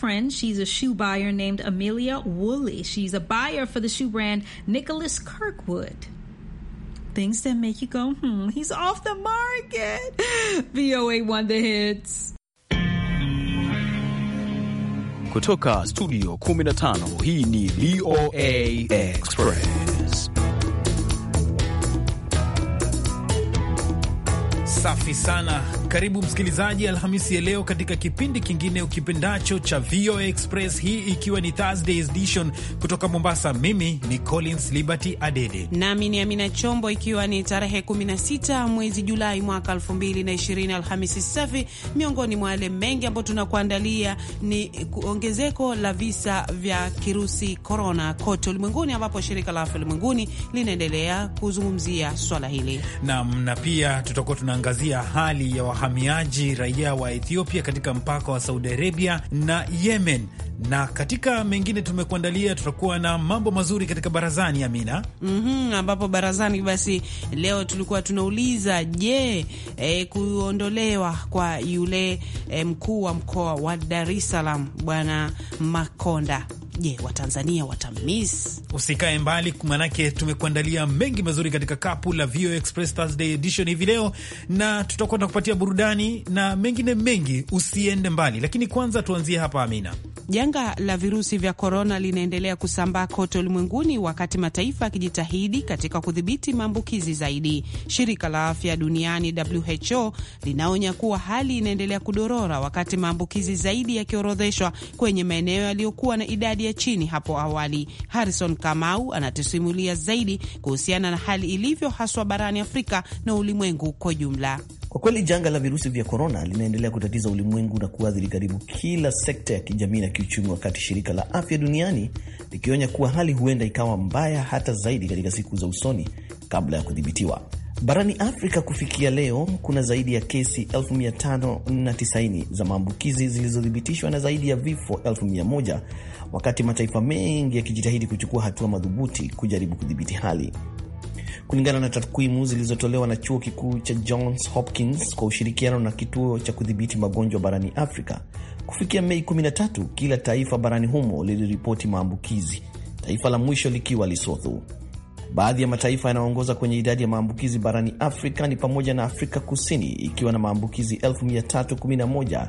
friend. She's a shoe buyer named Amelia Woolley. She's a buyer for the shoe brand Nicholas Kirkwood. Things that make you go, hmm, he's off the market. VOA won the Hits. Kutoka Studio 15, hii ni VOA Express. Safi sana Karibu msikilizaji Alhamisi ya leo katika kipindi kingine ukipendacho cha VOA Express, hii ikiwa ni Thursday edition kutoka Mombasa. Mimi ni Collins Liberty Adede nami ni Amina Chombo, ikiwa ni tarehe 16 mwezi Julai mwaka 2020, Alhamisi safi. Miongoni mwa yale mengi ambayo tunakuandalia ni ongezeko la visa vya kirusi korona kote ulimwenguni, ambapo shirika la afya ulimwenguni linaendelea kuzungumzia swala hili nam, na pia tutakuwa tunaangazia hali ya wahamiaji raia wa Ethiopia katika mpaka wa Saudi Arabia na Yemen na katika mengine tumekuandalia, tutakuwa na mambo mazuri katika barazani, Amina. mm -hmm, ambapo barazani basi leo tulikuwa tunauliza je, e, kuondolewa kwa yule e, mkuu wa mkoa wa Dar es Salaam Bwana Makonda Je, Watanzania watamis? Usikae mbali, manake tumekuandalia mengi mazuri katika kapu la VOA Express Thursday edition hivi leo, na tutakwenda kupatia burudani na mengine mengi. Usiende mbali, lakini kwanza tuanzie hapa Amina. Janga la virusi vya korona linaendelea kusambaa kote ulimwenguni, wakati mataifa yakijitahidi katika kudhibiti maambukizi zaidi. Shirika la afya duniani WHO linaonya kuwa hali inaendelea kudorora, wakati maambukizi zaidi yakiorodheshwa kwenye maeneo yaliyokuwa na idadi ya chini hapo awali. Harrison Kamau anatusimulia zaidi kuhusiana na hali ilivyo haswa barani Afrika na ulimwengu kwa jumla. Kwa kweli janga la virusi vya korona linaendelea kutatiza ulimwengu na kuathiri karibu kila sekta ya kijamii na kiuchumi, wakati shirika la afya duniani likionya kuwa hali huenda ikawa mbaya hata zaidi katika siku za usoni kabla ya kudhibitiwa. Barani Afrika kufikia leo kuna zaidi ya kesi 1590 za maambukizi zilizothibitishwa na zaidi ya vifo 1 wakati mataifa mengi yakijitahidi kuchukua hatua madhubuti kujaribu kudhibiti hali kulingana na takwimu zilizotolewa na chuo kikuu cha Johns Hopkins kwa ushirikiano na kituo cha kudhibiti magonjwa barani Afrika. Kufikia Mei 13, kila taifa barani humo liliripoti maambukizi, taifa la mwisho likiwa lisothu Baadhi ya mataifa yanayoongoza kwenye idadi ya maambukizi barani Afrika ni pamoja na Afrika Kusini ikiwa na maambukizi 311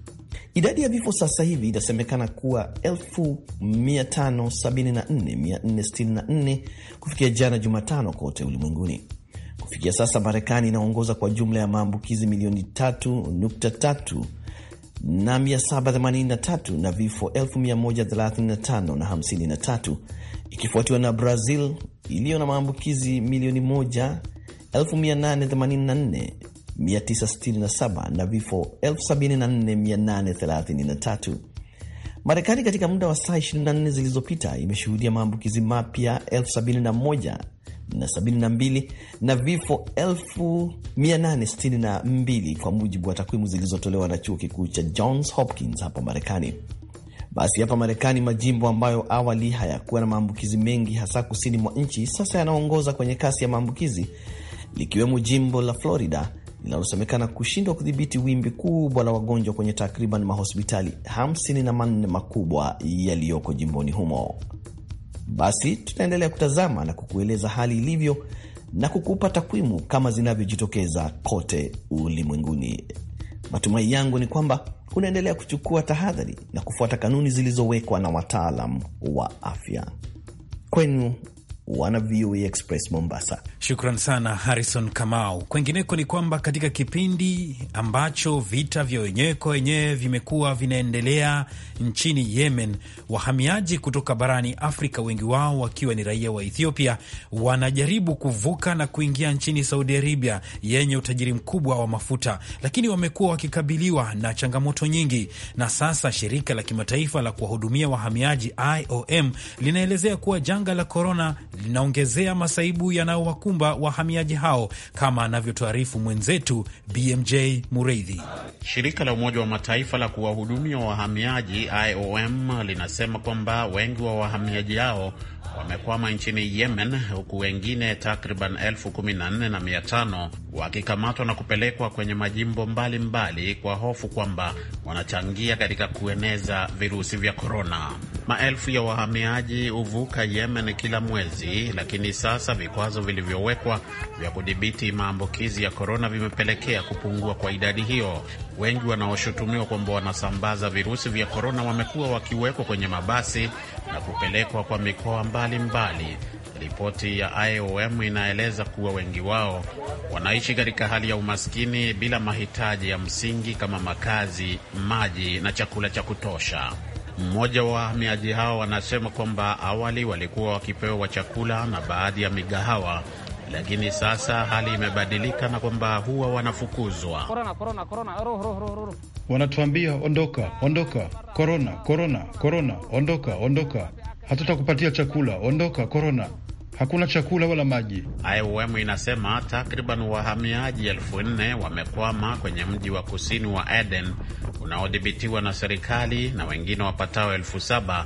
Idadi ya vifo sasa hivi inasemekana kuwa 574464 kufikia jana Jumatano kote ulimwenguni. Kufikia sasa, Marekani inaongoza kwa jumla ya maambukizi milioni 3.3 na 783 na vifo 135 na 53 ikifuatiwa na Brazil iliyo na maambukizi milioni 1 884 967 na vifo 74833. Marekani katika muda wa saa 24 zilizopita imeshuhudia maambukizi mapya 71 na 72 na vifo 862 kwa mujibu wa takwimu zilizotolewa na chuo kikuu cha Johns Hopkins hapa Marekani. Basi hapa Marekani, majimbo ambayo awali hayakuwa na maambukizi mengi, hasa kusini mwa nchi, sasa yanaongoza kwenye kasi ya maambukizi likiwemo jimbo la Florida linalosemekana kushindwa kudhibiti wimbi kubwa la wagonjwa kwenye takriban mahospitali 54 makubwa yaliyoko jimboni humo. Basi tutaendelea kutazama na kukueleza hali ilivyo na kukupa takwimu kama zinavyojitokeza kote ulimwenguni. Matumai yangu ni kwamba unaendelea kuchukua tahadhari na kufuata kanuni zilizowekwa na wataalam wa afya. Kwenu wana VOA Express Mombasa. Shukran sana Harrison Kamau. Kwengineko ni kwamba katika kipindi ambacho vita vya wenyewe kwa wenyewe vimekuwa vinaendelea nchini Yemen, wahamiaji kutoka barani Afrika, wengi wao wakiwa ni raia wa Ethiopia, wanajaribu kuvuka na kuingia nchini Saudi Arabia yenye utajiri mkubwa wa mafuta, lakini wamekuwa wakikabiliwa na changamoto nyingi, na sasa shirika la kimataifa la kuwahudumia wahamiaji IOM linaelezea kuwa janga la korona linaongezea masaibu yanayowakumba wahamiaji hao, kama anavyotuarifu mwenzetu BMJ Mureithi. Shirika la Umoja wa Mataifa la kuwahudumia wahamiaji IOM linasema kwamba wengi wa wahamiaji hao wamekwama nchini Yemen, huku wengine takriban elfu kumi na nne na mia tano wakikamatwa na kupelekwa kwenye majimbo mbalimbali mbali, kwa hofu kwamba wanachangia katika kueneza virusi vya korona. Maelfu ya wahamiaji huvuka Yemen kila mwezi awali, lakini sasa vikwazo vilivyowekwa vya kudhibiti maambukizi ya korona vimepelekea kupungua kwa idadi hiyo. Wengi wanaoshutumiwa kwamba wanasambaza virusi vya korona wamekuwa wakiwekwa kwenye mabasi na kupelekwa kwa mikoa mbalimbali Ripoti ya IOM inaeleza kuwa wengi wao wanaishi katika hali ya umaskini bila mahitaji ya msingi kama makazi, maji na chakula cha kutosha. Mmoja wa wahamiaji hao wanasema kwamba awali walikuwa wakipewa chakula na baadhi ya migahawa, lakini sasa hali imebadilika na kwamba huwa wanafukuzwa. Wanatuambia ondoka, ondoka, korona, korona, korona, ondoka, ondoka, hatutakupatia chakula, ondoka, korona hakuna chakula wala maji. IOM inasema takriban wahamiaji elfu nne wamekwama kwenye mji wa kusini wa Aden unaodhibitiwa na serikali na wengine wapatao elfu saba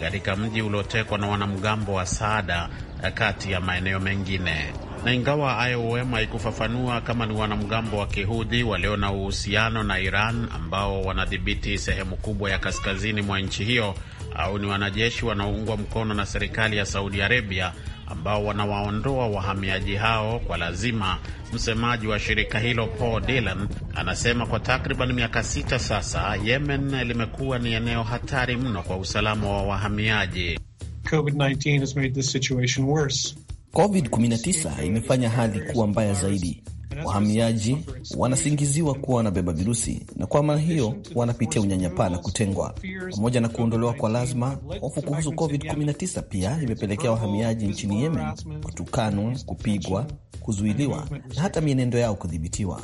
katika mji uliotekwa na wanamgambo wa Saada kati ya maeneo mengine. Na ingawa IOM haikufafanua kama ni wanamgambo wa Kihudhi walio na uhusiano na Iran ambao wanadhibiti sehemu kubwa ya kaskazini mwa nchi hiyo au ni wanajeshi wanaoungwa mkono na serikali ya Saudi Arabia, ambao wanawaondoa wahamiaji hao kwa lazima. Msemaji wa shirika hilo Paul Dylan anasema kwa takriban miaka sita sasa, Yemen limekuwa ni eneo hatari mno kwa usalama wa wahamiaji. COVID-19 imefanya hali kuwa mbaya zaidi. Wahamiaji wanasingiziwa kuwa wanabeba virusi na kwa maana hiyo wanapitia unyanyapaa na kutengwa. Pamoja na kuondolewa kwa lazima, hofu kuhusu COVID-19 pia imepelekea wahamiaji nchini Yemen kutukanwa, kupigwa, kuzuiliwa na hata mienendo yao kudhibitiwa.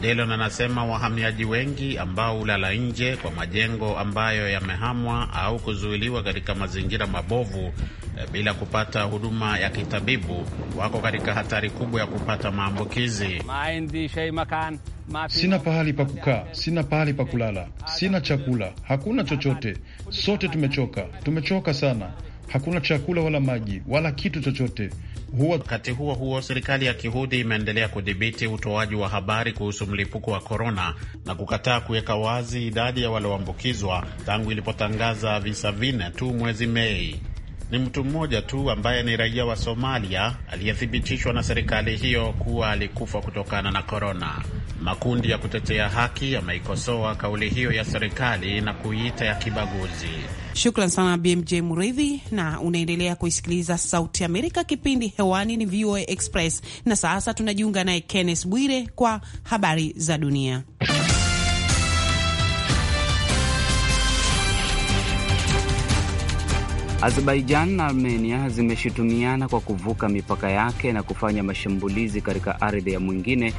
Delon anasema wahamiaji wengi ambao hulala nje kwa majengo ambayo yamehamwa au kuzuiliwa katika mazingira mabovu eh, bila kupata huduma ya kitabibu wako katika hatari kubwa ya kupata maambukizi. Sina pahali pa kukaa, sina pahali pa kulala, sina chakula, hakuna chochote. Sote tumechoka, tumechoka sana hakuna chakula wala maji wala kitu chochote. Huwa wakati huo huo, serikali ya Kihudi imeendelea kudhibiti utoaji wa habari kuhusu mlipuko wa korona na kukataa kuweka wazi idadi ya walioambukizwa tangu ilipotangaza visa vinne tu mwezi Mei ni mtu mmoja tu ambaye ni raia wa Somalia aliyethibitishwa na serikali hiyo kuwa alikufa kutokana na korona. Makundi ya kutetea haki yameikosoa kauli hiyo ya serikali na kuiita ya kibaguzi. Shukran sana BMJ Mridhi, na unaendelea kuisikiliza Sauti Amerika, kipindi hewani ni VOA Express, na sasa tunajiunga naye Kenneth Bwire kwa habari za dunia. Azerbaijan na Armenia zimeshutumiana kwa kuvuka mipaka yake na kufanya mashambulizi katika ardhi ya mwingine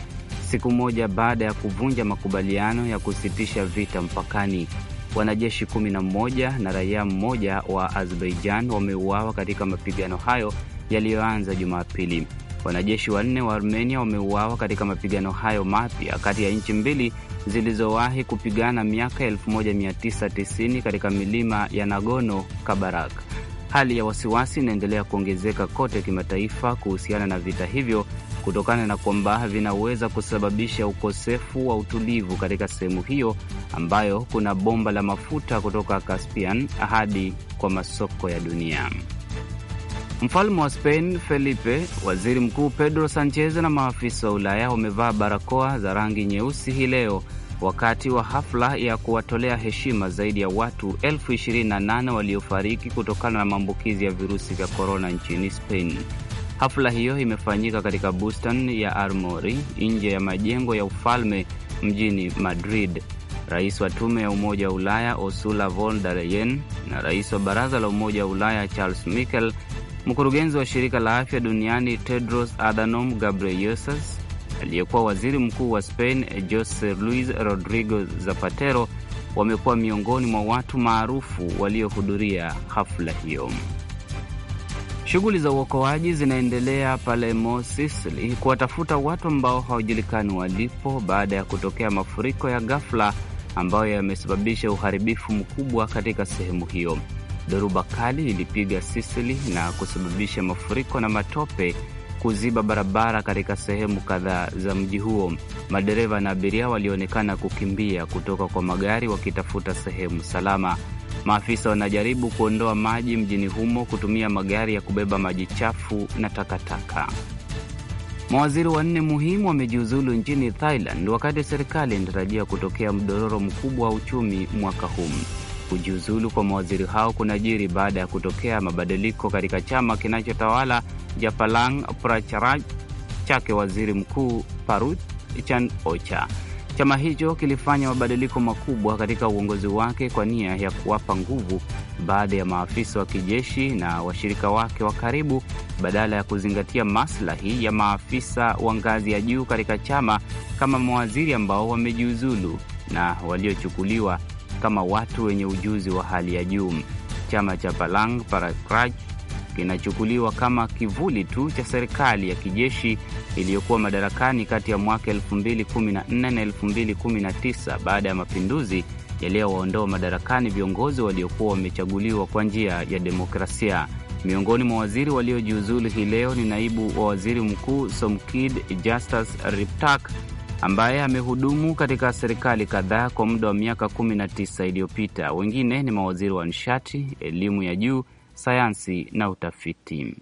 siku moja baada ya kuvunja makubaliano ya kusitisha vita mpakani. Wanajeshi 11 na raia mmoja wa Azerbaijan wameuawa katika mapigano hayo yaliyoanza Jumapili. Wanajeshi wanne wa Armenia wameuawa katika mapigano hayo mapya kati ya nchi mbili zilizowahi kupigana miaka 1990 katika milima ya Nagorno Karabakh. Hali ya wasiwasi inaendelea kuongezeka kote kimataifa kuhusiana na vita hivyo kutokana na kwamba vinaweza kusababisha ukosefu wa utulivu katika sehemu hiyo ambayo kuna bomba la mafuta kutoka Caspian hadi kwa masoko ya dunia. Mfalme wa Spain Felipe, waziri mkuu Pedro Sanchez na maafisa wa Ulaya wamevaa barakoa za rangi nyeusi hii leo wakati wa hafla ya kuwatolea heshima zaidi ya watu elfu waliofariki kutokana na maambukizi ya virusi vya korona nchini Spain. Hafla hiyo imefanyika katika bustani ya Armori nje ya majengo ya ufalme mjini Madrid. Rais wa tume ya Umoja wa Ulaya Ursula von der Leyen na rais wa baraza la Umoja wa Ulaya Charles Michel Mkurugenzi wa shirika la afya duniani Tedros Adhanom Ghebreyesus, aliyekuwa waziri mkuu wa Spain Jose Luis Rodrigo Zapatero wamekuwa miongoni mwa watu maarufu waliohudhuria hafla hiyo. Shughuli za uokoaji zinaendelea Palermo, Sicily, kuwatafuta watu ambao hawajulikani walipo baada ya kutokea mafuriko ya ghafla ambayo yamesababisha uharibifu mkubwa katika sehemu hiyo. Dhoruba kali lilipiga Sisili na kusababisha mafuriko na matope kuziba barabara katika sehemu kadhaa za mji huo. Madereva na abiria walionekana kukimbia kutoka kwa magari wakitafuta sehemu salama. Maafisa wanajaribu kuondoa maji mjini humo kutumia magari ya kubeba maji chafu na takataka. Mawaziri wanne muhimu wamejiuzulu nchini Thailand wakati serikali inatarajia kutokea mdororo mkubwa wa uchumi mwaka huu. Kujiuzulu kwa mawaziri hao kunajiri baada ya kutokea mabadiliko katika chama kinachotawala Japalang Pracharaj chake waziri mkuu Parut Chan Ocha. Chama hicho kilifanya mabadiliko makubwa katika uongozi wake kwa nia ya kuwapa nguvu baadhi ya maafisa wa kijeshi na washirika wake wa karibu badala ya kuzingatia maslahi ya maafisa wa ngazi ya juu katika chama kama mawaziri ambao wamejiuzulu na waliochukuliwa kama watu wenye ujuzi wa hali ya juu. Chama cha Palang Parakraj kinachukuliwa kama kivuli tu cha serikali ya kijeshi iliyokuwa madarakani kati ya mwaka 2014 na 2019 baada ya mapinduzi yaliyowaondoa madarakani viongozi waliokuwa wamechaguliwa kwa njia ya demokrasia. Miongoni mwa waziri waliojiuzulu hii leo ni naibu wa waziri mkuu Somkid Justus Riptak ambaye amehudumu katika serikali kadhaa kwa muda wa miaka 19 iliyopita. Wengine ni mawaziri wa nishati, elimu ya juu, sayansi na utafiti.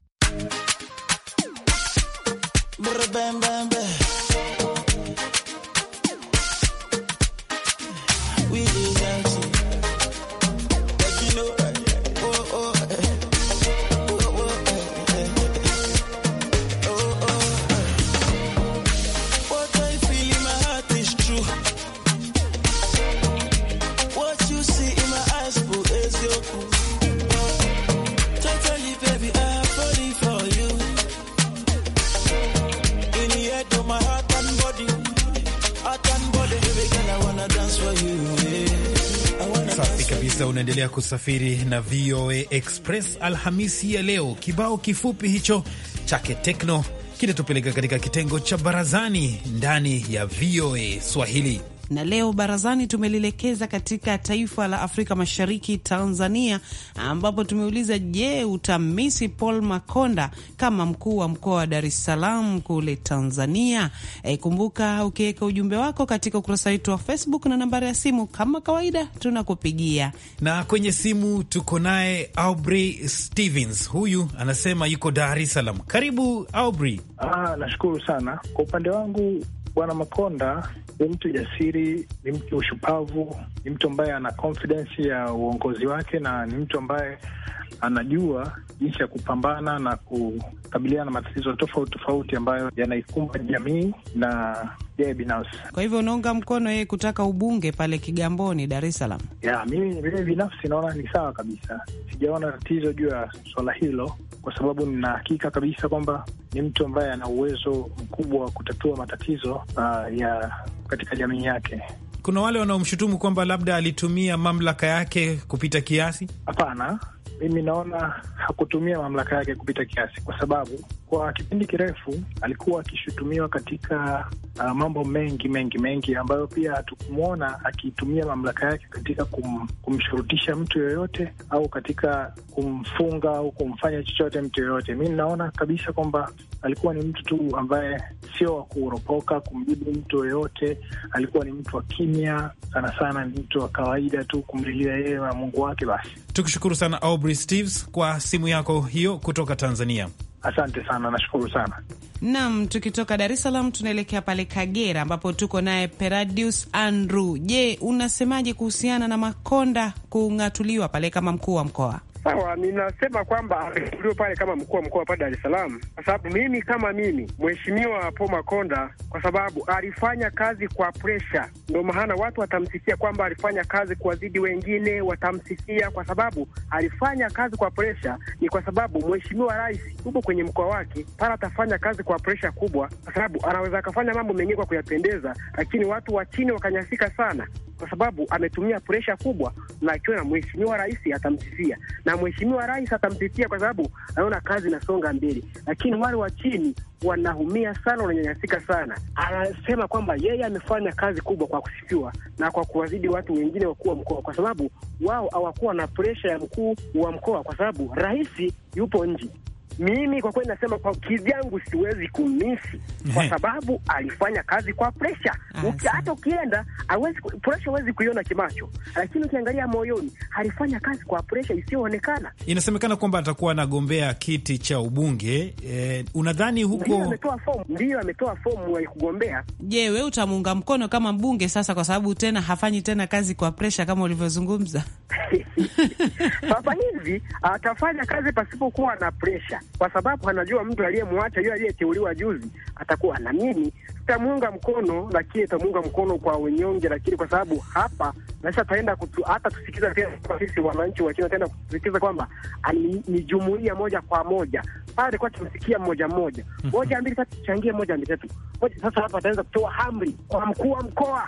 kabisa, unaendelea kusafiri na VOA Express Alhamisi ya leo. Kibao kifupi hicho chake Tekno kinatupeleka katika kitengo cha barazani ndani ya VOA Swahili na leo barazani tumelielekeza katika taifa la Afrika Mashariki, Tanzania, ambapo tumeuliza je, utamisi Paul Makonda kama mkuu wa mkoa wa Dar es Salaam kule Tanzania? E, kumbuka ukiweka ujumbe wako katika ukurasa wetu wa Facebook na nambari ya simu kama kawaida tunakupigia. Na kwenye simu tuko naye Aubrey Stevens, huyu anasema yuko Dar es Salaam. Karibu Aubrey. Ah, nashukuru sana kwa upande wangu Bwana Makonda ni mtu jasiri, ni mtu ushupavu, ni mtu ambaye ana confidence ya uongozi wake na ni mtu ambaye anajua jinsi ya kupambana na kukabiliana na matatizo tofauti tofauti ambayo yanaikumba jamii na yeye binafsi. Kwa hivyo unaunga mkono yeye kutaka ubunge pale Kigamboni, Dar es Salaam? Ya, mimi mimi binafsi naona ni sawa kabisa, sijaona tatizo juu ya swala hilo, kwa sababu nina hakika kabisa kwamba ni mtu ambaye ana uwezo mkubwa wa kutatua matatizo uh, ya katika jamii yake. Kuna wale wanaomshutumu kwamba labda alitumia mamlaka yake kupita kiasi. Hapana, mimi naona hakutumia mamlaka yake kupita kiasi, kwa sababu kwa kipindi kirefu alikuwa akishutumiwa katika uh, mambo mengi mengi mengi ambayo pia hatukumwona akitumia mamlaka yake katika kum, kumshurutisha mtu yoyote au katika kumfunga au kumfanya chochote mtu yoyote. Mi naona kabisa kwamba alikuwa ni mtu tu ambaye sio wa kuropoka kumjibu mtu yoyote. Alikuwa ni mtu wa kimya sana sana, ni mtu wa kawaida tu, kumlilia yeye na Mungu wake. Basi tukushukuru sana Aubrey Steves kwa simu yako hiyo kutoka Tanzania. Asante sana, nashukuru sana. Naam, tukitoka Dar es Salaam tunaelekea pale Kagera ambapo tuko naye Peradius Andrew. Je, unasemaje kuhusiana na Makonda kung'atuliwa pale kama mkuu wa mkoa? Sawa, ninasema kwamba amechukuliwa pale kama mkuu wa mkoa pale Dar es Salaam, kwa sababu mimi kama mimi mheshimiwa Po Makonda, kwa sababu alifanya kazi kwa presha, ndio maana watu watamsifia kwamba alifanya kazi kuwazidi wengine, watamsifia kwa sababu alifanya kazi kwa presha. Ni kwa sababu mheshimiwa rais yupo kwenye mkoa wake pale, atafanya kazi kwa presha kubwa, kwa sababu anaweza akafanya mambo mengi kwa kuyapendeza, lakini watu wa chini wakanyasika sana, kwa sababu ametumia presha kubwa, na akiwa na mheshimiwa rais atamsifia na mheshimiwa rais atampitia kwa sababu anaona kazi inasonga mbele, lakini wale wa chini wanaumia sana, wananyanyasika sana. Anasema kwamba yeye amefanya kazi kubwa kwa kusifiwa na kwa kuwazidi watu wengine wakuu wa mkoa, kwa sababu wao hawakuwa na presha ya mkuu wa mkoa, kwa sababu rais yupo nje. Mimi kwa kweli nasema kwa kivyangu siwezi kumisi kwa sababu alifanya kazi kwa presha. Ah, hata ukienda hawezi presha, huwezi kuiona kimacho, lakini ukiangalia moyoni, alifanya kazi kwa presha isiyoonekana. Inasemekana kwamba atakuwa anagombea kiti cha ubunge eh, unadhani huko? Ametoa fomu, ndio ametoa fomu ya kugombea. Je, wewe utamuunga mkono kama mbunge sasa, kwa sababu tena hafanyi tena kazi kwa presha kama ulivyozungumza? Papa hivi atafanya kazi pasipokuwa na presha kwa sababu anajua mtu aliyemwacha yule aliyeteuliwa juzi atakuwa na nini. Tutamuunga mkono, lakini tutamuunga mkono kwa wenyonge, lakini kwa sababu hapa nasha ataenda kutu, hata tusikiza tena sisi wananchi wa China ataenda kusikiza kwamba ni jumuia moja kwa moja pale kwa tumsikia mmoja mmoja moja mbili tatu, changie moja mbili tatu moja. Sasa hapa ataweza kutoa amri kwa mkuu wa mkoa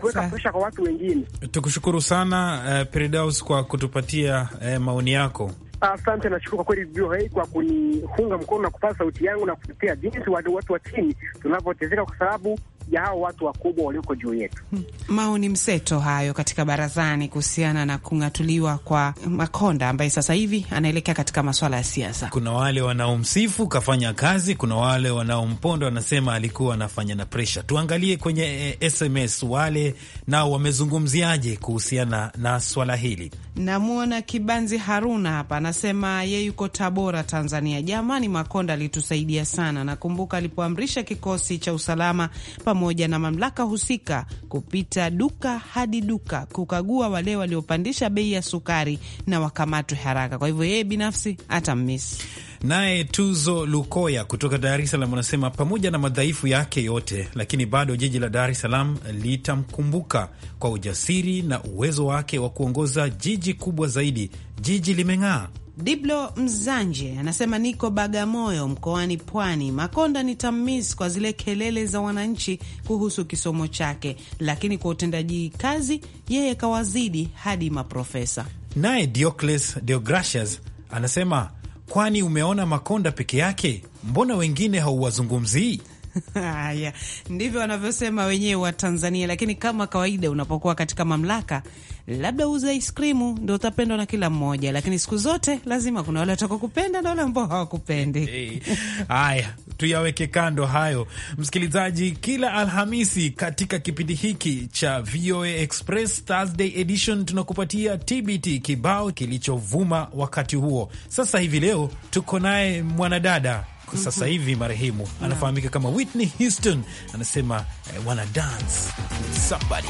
kuweka presha kwa watu wengine. Tukushukuru sana uh, eh, Peridaus kwa kutupatia uh, maoni yako. Asante, nashukuru kwa kweli VOA kwa kunifunga mkono na kupata sauti yangu na kutetea jinsi watu wa chini tunavyotezeka, kwa sababu ya hao watu wakubwa walioko juu yetu. Hmm. Maoni mseto hayo katika barazani kuhusiana na kung'atuliwa kwa Makonda ambaye sasa hivi anaelekea katika maswala ya siasa. Kuna wale wanaomsifu kafanya kazi, kuna wale wanaompondo wanasema alikuwa anafanya na presha. Tuangalie kwenye e, eh, SMS wale nao wamezungumziaje kuhusiana na swala hili. Namwona Kibanzi Haruna hapa anasema ye yuko Tabora, Tanzania. Jamani, Makonda alitusaidia sana, nakumbuka alipoamrisha kikosi cha usalama pamoja na mamlaka husika kupita duka hadi duka kukagua wale waliopandisha bei ya sukari na wakamatwe haraka. Kwa hivyo yeye binafsi atammisi. Naye Tuzo Lukoya kutoka Dar es Salaam anasema pamoja na madhaifu yake yote, lakini bado jiji la Dar es Salaam litamkumbuka kwa ujasiri na uwezo wake wa kuongoza jiji kubwa zaidi. Jiji limeng'aa. Diblo Mzanje anasema niko Bagamoyo mkoani Pwani. Makonda ni tamis kwa zile kelele za wananchi kuhusu kisomo chake, lakini kwa utendaji kazi yeye kawazidi hadi maprofesa. Naye Diocles Deogracias anasema kwani umeona Makonda peke yake? Mbona wengine hauwazungumzii? Haya, ndivyo wanavyosema wenyewe wa Tanzania. Lakini kama kawaida, unapokuwa katika mamlaka, labda uuze iskrimu ndo utapendwa na kila mmoja, lakini siku zote lazima kuna wale watakokupenda na wale ambao hawakupendi. Hey, haya tuyaweke kando hayo, msikilizaji. Kila Alhamisi katika kipindi hiki cha VOA Express Thursday Edition tunakupatia TBT kibao kilichovuma wakati huo. Sasa hivi leo tuko naye mwanadada sasa hivi marehemu anafahamika kama Whitney Houston, anasema I eh, wanna dance with somebody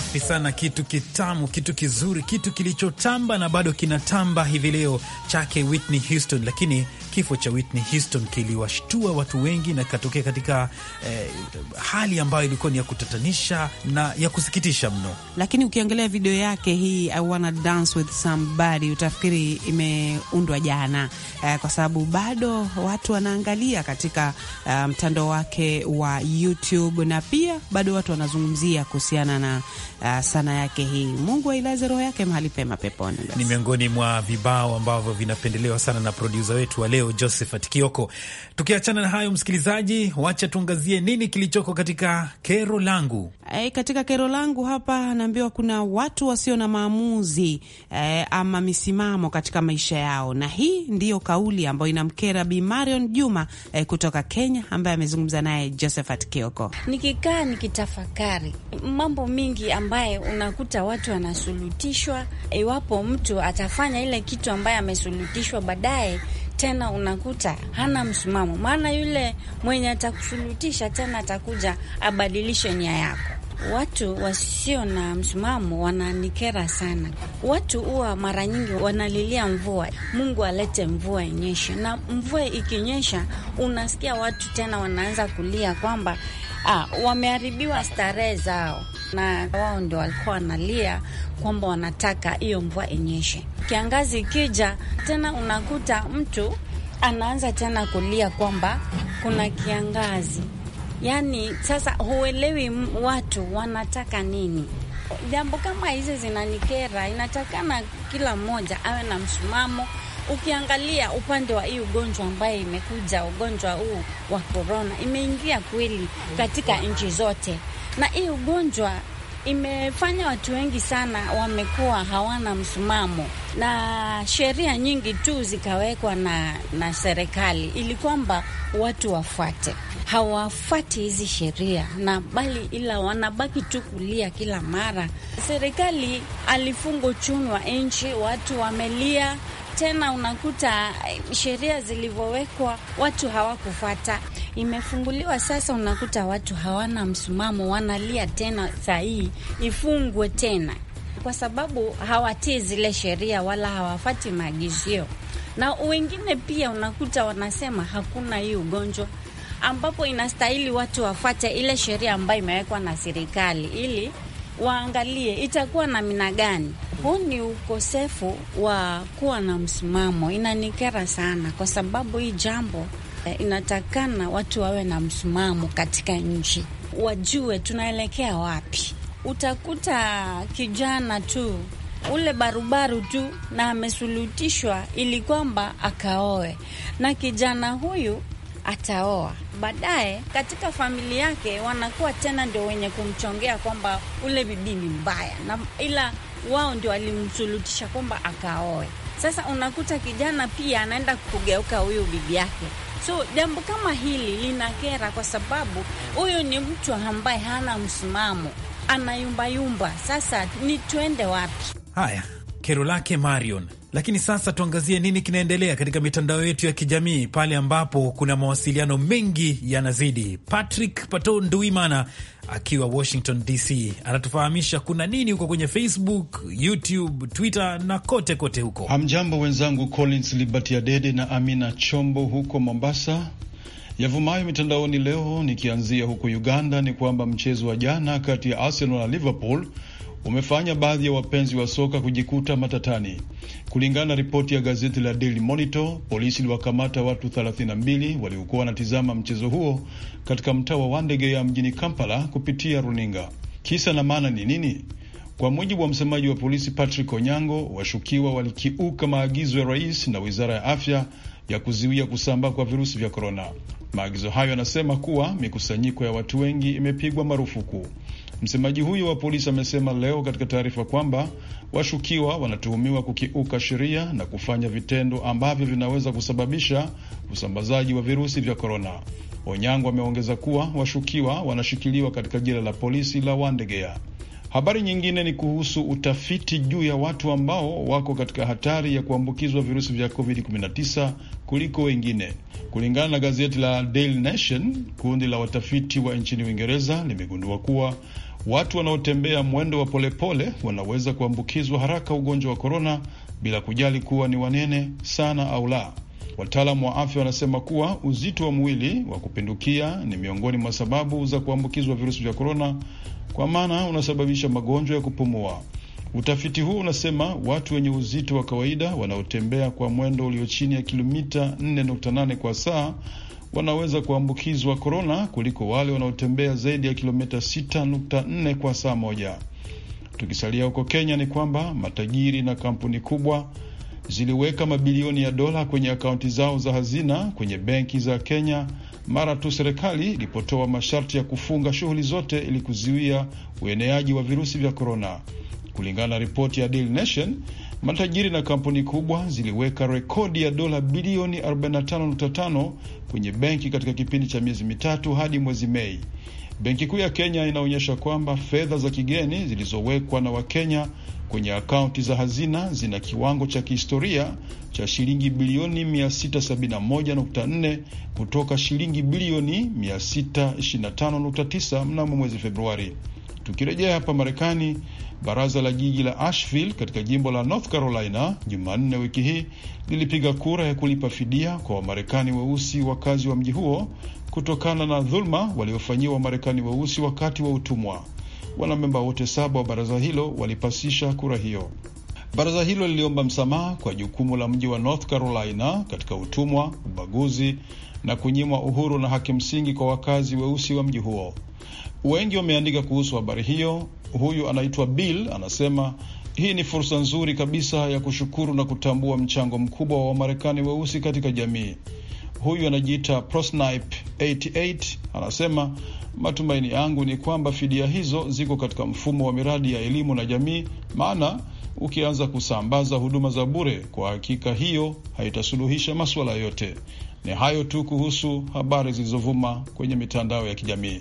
Safi sana, kitu kitamu, kitu kizuri, kitu kilichotamba na bado kinatamba hivi leo, chake Whitney Houston, lakini Kifo cha Whitney Houston kiliwashtua watu wengi na ikatokea katika eh, hali ambayo ilikuwa ni ya kutatanisha na ya kusikitisha mno, lakini ukiangalia video yake hii I wanna dance with somebody utafikiri imeundwa jana eh, kwa sababu bado watu wanaangalia katika eh, mtandao um, wake wa YouTube na pia bado watu wanazungumzia kuhusiana na uh, eh, sana yake hii. Mungu ailaze roho yake mahali pema peponi. Ni miongoni mwa vibao ambavyo vinapendelewa sana na produsa wetu wale leo Josephat Kioko. Tukiachana na hayo, msikilizaji, wacha tuangazie nini kilichoko katika kero langu. E, katika kero langu hapa naambiwa kuna watu wasio na maamuzi e, ama misimamo katika maisha yao, na hii ndiyo kauli ambayo inamkera Bi Marion Juma e, kutoka Kenya, ambaye amezungumza naye Josephat Kioko. Nikikaa nikitafakari mambo mingi ambaye unakuta watu wanasulutishwa, iwapo e, mtu atafanya ile kitu ambaye amesulutishwa baadaye tena unakuta hana msimamo, maana yule mwenye atakusulutisha tena atakuja abadilishe nia yako. Watu wasio na msimamo wananikera sana. Watu huwa mara nyingi wanalilia mvua, Mungu alete mvua inyeshe, na mvua ikinyesha, unasikia watu tena wanaanza kulia kwamba Ah, wameharibiwa starehe zao na wao ndio walikuwa wanalia kwamba wanataka hiyo mvua inyeshe. Kiangazi ikija tena, unakuta mtu anaanza tena kulia kwamba kuna kiangazi. Yaani sasa huelewi watu wanataka nini. Jambo kama hizi zinanikera, inatakana kila mmoja awe na msimamo ukiangalia upande wa hii ugonjwa ambaye imekuja, ugonjwa huu wa korona imeingia kweli katika nchi zote, na hii ugonjwa imefanya watu wengi sana wamekuwa hawana msimamo, na sheria nyingi tu zikawekwa na, na serikali ili kwamba watu wafuate. Hawafuati hizi sheria na bali, ila wanabaki tu kulia kila mara. Serikali alifunga uchumi wa nchi, watu wamelia tena unakuta eh, sheria zilivyowekwa watu hawakufuata. Imefunguliwa sasa, unakuta watu hawana msimamo, wanalia tena sahihi ifungwe tena, kwa sababu hawatii zile sheria wala hawafati maagizio. Na wengine pia unakuta wanasema hakuna hii ugonjwa ambapo inastahili watu wafate ile sheria ambayo imewekwa na serikali, ili waangalie itakuwa na gani. Huu ni ukosefu wa kuwa na msimamo, inanikera sana, kwa sababu hii jambo eh, inatakana watu wawe na msimamo katika nchi, wajue tunaelekea wapi. Utakuta kijana tu ule barubaru tu na amesulutishwa ili kwamba akaoe, na kijana huyu ataoa baadaye, katika famili yake wanakuwa tena ndio wenye kumchongea kwamba ule bibi ni mbaya na ila wao ndio walimsulutisha kwamba akaoe. Sasa unakuta kijana pia anaenda kugeuka huyu bibi yake. So jambo kama hili linakera, kwa sababu huyu ni mtu ambaye hana msimamo, anayumbayumba. Sasa ni twende wapi? Haya, kero lake Marion lakini sasa tuangazie nini kinaendelea katika mitandao yetu ya kijamii, pale ambapo kuna mawasiliano mengi yanazidi. Patrick Pato Nduimana akiwa Washington DC anatufahamisha kuna nini huko kwenye Facebook, YouTube, Twitter na kote kote huko. Hamjambo wenzangu, Collins Liberty Adede na Amina Chombo huko Mombasa. Yavumayo mitandaoni leo, nikianzia huko Uganda, ni kwamba mchezo wa jana kati ya Arsenal na Liverpool umefanya baadhi ya wapenzi wa soka kujikuta matatani. Kulingana na ripoti ya gazeti la Daily Monitor, polisi iliwakamata watu 32 waliokuwa wanatizama mchezo huo katika mtaa wa Wandegeya mjini Kampala kupitia runinga. Kisa na maana ni nini? Kwa mujibu wa msemaji wa polisi Patrick Onyango, washukiwa walikiuka maagizo ya rais na wizara ya afya ya kuzuia kusambaa kwa virusi vya korona. Maagizo hayo yanasema kuwa mikusanyiko ya watu wengi imepigwa marufuku. Msemaji huyo wa polisi amesema leo katika taarifa kwamba washukiwa wanatuhumiwa kukiuka sheria na kufanya vitendo ambavyo vinaweza kusababisha usambazaji wa virusi vya korona. Onyango ameongeza kuwa washukiwa wanashikiliwa katika jela la polisi la Wandegea. Habari nyingine ni kuhusu utafiti juu ya watu ambao wako katika hatari ya kuambukizwa virusi vya COVID-19 kuliko wengine. Kulingana na gazeti la Daily Nation, kundi la watafiti wa nchini Uingereza limegundua kuwa Watu wanaotembea mwendo wa polepole wanaweza kuambukizwa haraka ugonjwa wa korona bila kujali kuwa ni wanene sana au la. Wataalamu wa afya wanasema kuwa uzito wa mwili wa kupindukia ni miongoni mwa sababu za kuambukizwa virusi vya korona, kwa maana unasababisha magonjwa ya kupumua. Utafiti huu unasema watu wenye uzito wa kawaida wanaotembea kwa mwendo ulio chini ya kilomita 4.8 kwa saa wanaweza kuambukizwa korona kuliko wale wanaotembea zaidi ya kilomita 6.4 kwa saa moja. Tukisalia huko Kenya, ni kwamba matajiri na kampuni kubwa ziliweka mabilioni ya dola kwenye akaunti zao za hazina kwenye benki za Kenya mara tu serikali ilipotoa masharti ya kufunga shughuli zote ili kuzuia ueneaji wa virusi vya korona. Kulingana na ripoti ya Daily Nation, Matajiri na kampuni kubwa ziliweka rekodi ya dola bilioni 45.5 kwenye benki katika kipindi cha miezi mitatu hadi mwezi Mei. Benki Kuu ya Kenya inaonyesha kwamba fedha za kigeni zilizowekwa na Wakenya kwenye akaunti za hazina zina kiwango cha kihistoria cha shilingi bilioni 671.4 kutoka shilingi bilioni 625.9 mnamo mwezi Februari. Tukirejea hapa Marekani, Baraza la jiji la Asheville katika jimbo la North Carolina Jumanne wiki hii lilipiga kura ya kulipa fidia kwa Wamarekani weusi wakazi wa mji huo kutokana na dhuluma waliofanyiwa Wamarekani weusi wakati wa utumwa. Wanamemba wote saba wa baraza hilo walipasisha kura hiyo. Baraza hilo liliomba msamaha kwa jukumu la mji wa North Carolina katika utumwa, ubaguzi na kunyimwa uhuru na haki msingi kwa wakazi weusi wa mji huo. Wengi wameandika kuhusu habari hiyo. Huyu anaitwa Bill anasema hii ni fursa nzuri kabisa ya kushukuru na kutambua mchango mkubwa wa Wamarekani weusi katika jamii. Huyu anajiita Prosnipe 88 anasema matumaini yangu ni kwamba fidia hizo ziko katika mfumo wa miradi ya elimu na jamii, maana ukianza kusambaza huduma za bure, kwa hakika hiyo haitasuluhisha masuala yote. Ni hayo tu kuhusu habari zilizovuma kwenye mitandao ya kijamii.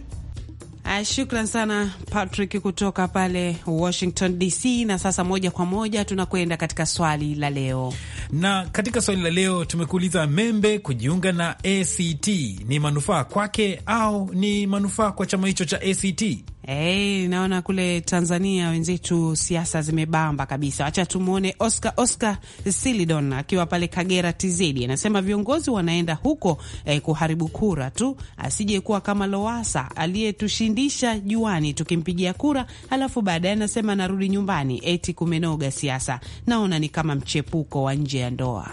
Uh, shukran sana Patrick kutoka pale Washington DC, na sasa moja kwa moja tunakwenda katika swali la leo. Na katika swali la leo tumekuuliza, Membe kujiunga na ACT ni manufaa kwake au ni manufaa kwa chama hicho cha ACT? Hey, naona kule Tanzania wenzetu siasa zimebamba kabisa. Wacha tumwone Oscar Oscar Silidon akiwa pale Kagera TZ, anasema viongozi wanaenda huko eh, kuharibu kura tu, asije kuwa kama Lowasa aliyetushindisha juani tukimpigia kura, alafu baadaye anasema narudi nyumbani eti kumenoga siasa. Naona ni kama mchepuko wa nje ya ndoa.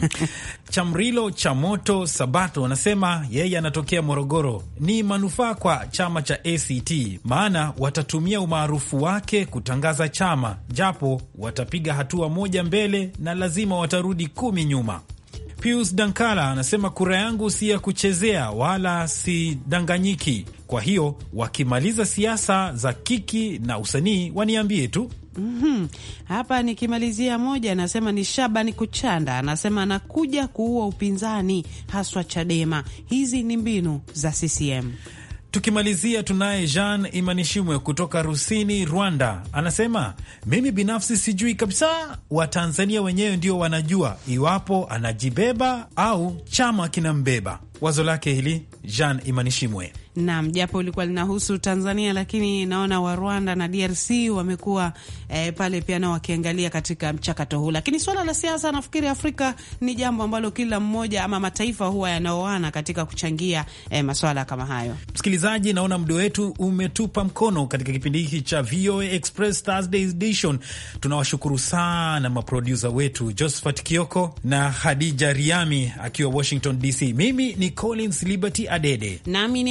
Chamrilo cha moto Sabato anasema yeye anatokea Morogoro. Ni manufaa kwa chama cha ACT, maana watatumia umaarufu wake kutangaza chama, japo watapiga hatua moja mbele na lazima watarudi kumi nyuma. Pius Dankala anasema kura yangu si ya kuchezea wala sidanganyiki. Kwa hiyo wakimaliza siasa za kiki na usanii waniambie tu. Mm -hmm. Hapa nikimalizia moja, anasema ni Shabani Kuchanda, anasema anakuja kuua upinzani haswa Chadema. Hizi ni mbinu za CCM. Tukimalizia tunaye Jean Imanishimwe kutoka Rusini, Rwanda, anasema mimi binafsi sijui kabisa, Watanzania wenyewe ndio wanajua iwapo anajibeba au chama kinambeba. Wazo lake hili Jean Imanishimwe Naam, japo ulikuwa linahusu Tanzania, lakini naona wa Rwanda na DRC wamekuwa eh, pale pia nao wakiangalia katika mchakato huu. Lakini swala la siasa, nafikiri Afrika ni jambo ambalo kila mmoja ama mataifa huwa yanaoana katika kuchangia eh, maswala kama hayo. Msikilizaji, naona muda wetu umetupa mkono katika kipindi hiki cha VOA Express Thursday Edition. Tunawashukuru sana maprodusa wetu Josephat Kioko na Hadija Riami akiwa Washington DC. Mimi ni Collins Liberty Adede nami